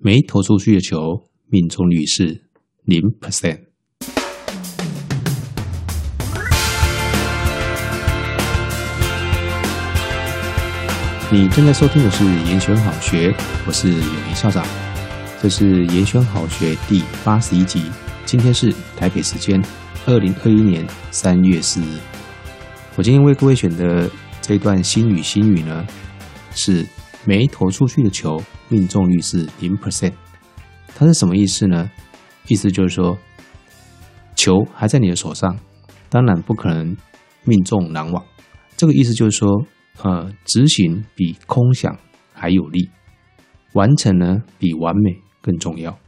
沒投出去的球，命中率是零 percent。你正在收聽的是《言軒好學》，我是永明校長，這是《言軒好學》第八十一集。今天是台北時間二零二一年三月四日。我今天為各位選的這段《新語新語》呢，是沒投出去的球。命中率是零 percent，它是什麼意思呢？意思就是說，球還在你的手上，當然不可能命中籃網。這個意思就是說，呃，執行比空想還有力，完成呢比完美更重要。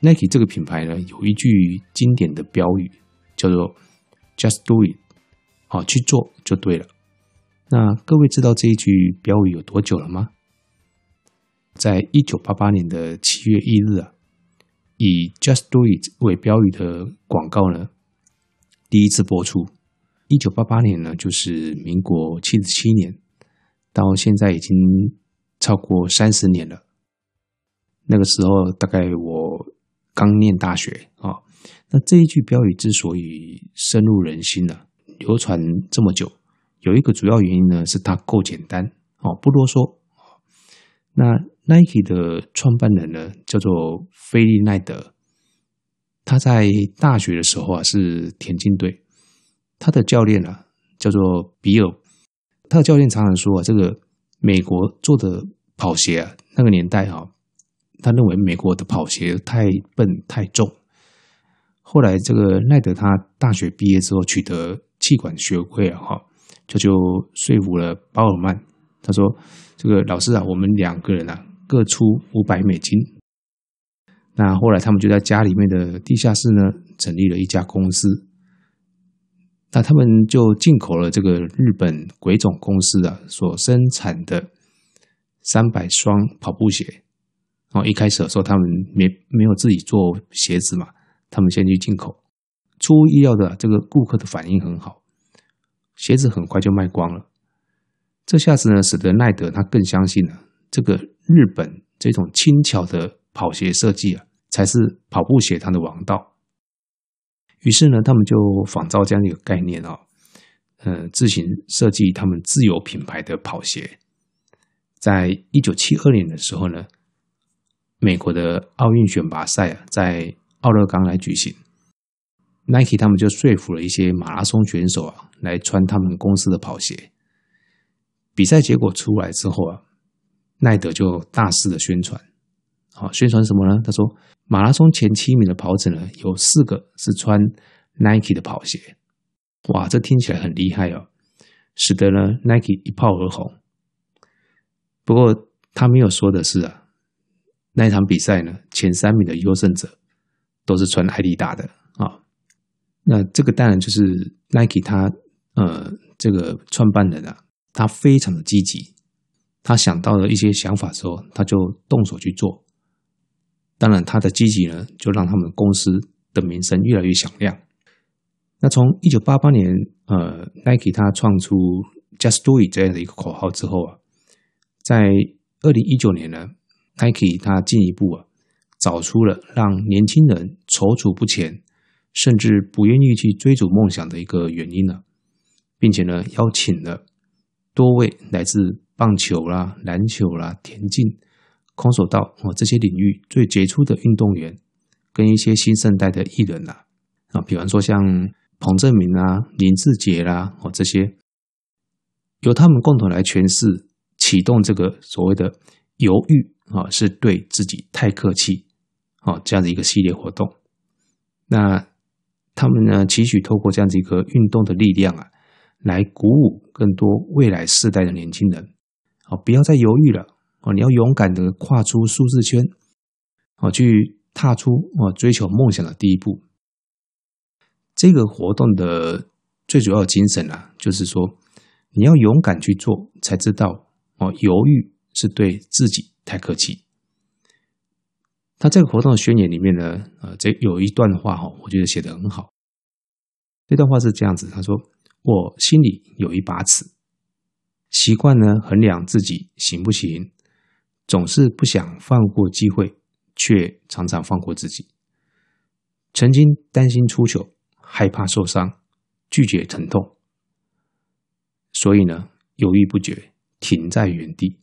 Nike 這個品牌呢，有一句經典的標語，叫做 “Just do it”，好、哦、去做就對了。那各位知道這一句標語有多久了嗎？在一九八八年的七月一日啊，以 "Just Do It" 為標語的廣告呢，第一次播出。一九八八年呢，就是民國七十七年，到現在已經超過三十年了。那個時候，大概我剛念大學啊、哦。那這一句標語之所以深入人心呢、啊，流傳這麼久，有一個主要原因呢，是它夠簡單哦，不多說。那 Nike 的創辦人呢，叫做菲利奈德。他在大學的時候啊，是田徑隊。他的教練啊，叫做比爾。他的教練常常說啊，這個美國做的跑鞋啊，那個年代啊，他認為美國的跑鞋太笨太重。後來這個奈德他大學畢業之後取得企管學位啊，哈，就就說服了鮑爾曼。他說：“這個老師啊，我們兩個人啊，各出五百美金。那後來他們就在家裡面的地下室呢，成立了一家公司。那他們就進口了這個日本鬼冢公司啊，所生產的三百雙跑步鞋。然後一開始的時候，他們沒沒有自己做鞋子嘛，他們先去進口。出乎意料的啊，這個顧客的反應很好，鞋子很快就賣光了。”這下子呢，使得奈德他更相信了、啊、這個日本這種輕巧的跑鞋設計啊，才是跑步鞋它的王道。於是呢，他們就仿照這樣一個概念啊，呃，自行設計他們自有品牌的跑鞋。在一九七二年的時候呢，美國的奧運選拔賽啊，在奧勒岡來舉行，Nike 他們就說服了一些馬拉松選手啊，來穿他們公司的跑鞋。比賽結果出來之後啊，奈德就大肆的宣傳，好、哦，宣傳什麼呢？他說馬拉松前七名的跑者呢，有四個是穿 Nike 的跑鞋，哇，這聽起來很厲害哦，使得呢 Nike 一炮而紅。不過他沒有說的是啊，那一場比賽呢前三名的優勝者都是穿愛迪達的啊、哦，那這個當然就是 Nike 他呃這個創辦人啊。他非常的積極，他想到了一些想法之後，他就動手去做。當然，他的積極呢，就讓他們公司的名聲越來越響亮。那從一九八八年，呃，Nike 他創出 Just Do It 這樣的一個口號之後啊，在二零一九年呢，Nike 他進一步啊，找出了讓年輕人躊躇不前，甚至不願意去追逐夢想的一個原因呢，啊，並且呢，邀請了。多位來自棒球啦、啊、籃球啦、啊、田徑、空手道哦這些領域最傑出的運動員，跟一些新生代的藝人啦、啊，啊、哦，比方說像彭正明啊、林志杰啦、啊、哦這些，由他們共同來詮釋啟動這個所謂的“猶豫”啊、哦，是對自己太客氣啊、哦、這樣的一個系列活動。那他們呢，期許透過這樣子一個運動的力量啊。來鼓舞更多未來世代的年輕人，不要再猶豫了，你要勇敢的跨出舒適圈，去踏出追求夢想的第一步。這個活動的最主要的精神啊，就是說你要勇敢去做，才知道哦，猶豫是對自己太客氣。他這個活動的宣言裡面呢，呃，這有一段話哈，我覺得寫得很好。這段話是這樣子，他說。我心裡有一把尺，習慣呢衡量自己行不行，總是不想放過機會，卻常常放過自己。曾經擔心出糗，害怕受傷，拒絕疼痛，所以呢猶豫不決，停在原地。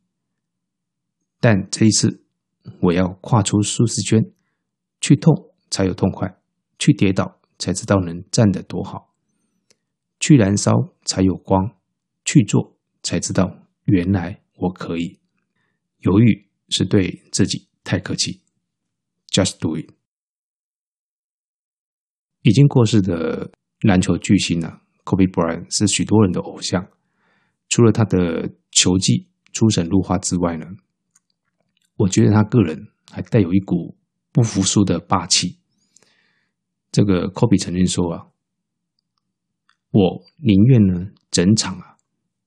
但這一次，我要跨出舒適圈，去痛才有痛快，去跌倒才知道能站得多好。去燃燒才有光，去做才知道原來我可以。猶豫是對自己太客氣。Just do it。已經過世的籃球巨星呢、啊，Kobe Bryant 是許多人的偶像。除了他的球技出神入化之外呢，我覺得他個人還帶有一股不服輸的霸氣。這個 Kobe 曾經說啊。我寧願呢，整場啊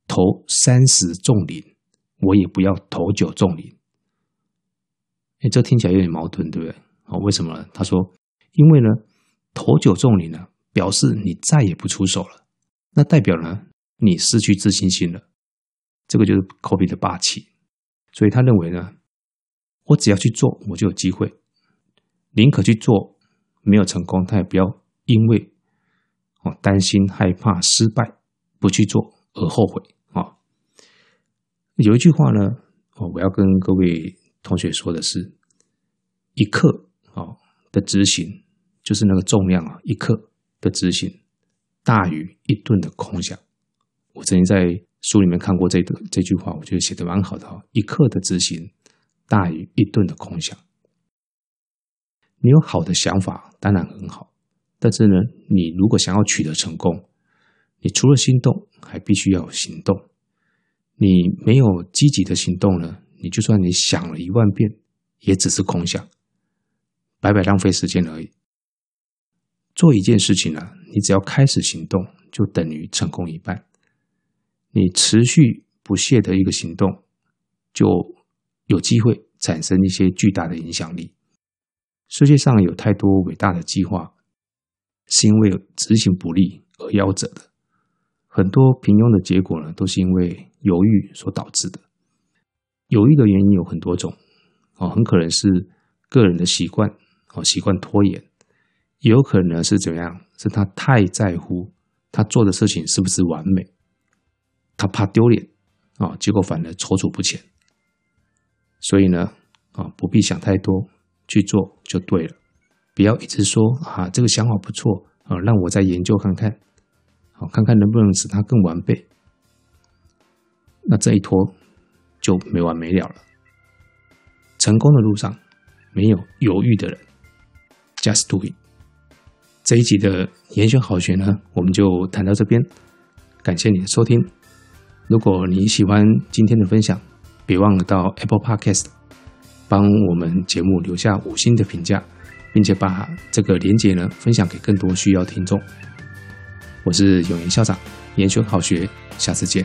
投三十中零，我也不要投九中零。誒、欸，這聽起來有點矛盾，對不對？哦，為什麼呢？他說，因為呢，投九中零呢，表示你再也不出手了，那代表呢，你失去自信心了。這個就是 Kobe 的霸氣。所以他認為呢，我只要去做，我就有機會。寧可去做沒有成功，他也不要因為。擔心、害怕、失敗，不去做而後悔啊、哦！有一句話呢，我、哦、我要跟各位同學說的是：一克啊、哦、的執行，就是那個重量啊，一克的執行大於一噸的空想。我曾經在書裡面看過這這句話，我覺得寫得蠻好的，一克的執行大於一噸的空想。你有好的想法，當然很好。但是呢，你如果想要取得成功，你除了心動，還必須要有行動。你沒有積極的行動呢，你就算你想了一萬遍，也只是空想，白白浪費時間而已。做一件事情呢、啊，你只要開始行動，就等於成功一半。你持續不懈的一個行動，就有機會產生一些巨大的影響力。世界上有太多偉大的計劃。是因為執行不力而夭折的，很多平庸的結果呢，都是因為猶豫所導致的。猶豫的原因有很多種，啊，很可能是個人的習慣，哦，習慣拖延，也有可能是怎樣，是他太在乎他做的事情是不是完美，他怕丟臉，啊，結果反而躊躇不前。所以呢，啊，不必想太多，去做就對了。不要一直說啊，這個想法不錯啊，讓我再研究看看，好、啊、看看能不能使它更完備。那這一拖就沒完沒了了。成功的路上沒有猶豫的人，Just do it。這一集的嚴選好學呢，我們就談到這邊。感謝你的收聽。如果你喜歡今天的分享，別忘了到 Apple Podcast 幫我們節目留下五星的評價。並且把這個連結呢分享給更多需要聽眾。我是永言校長，言修好學，下次見。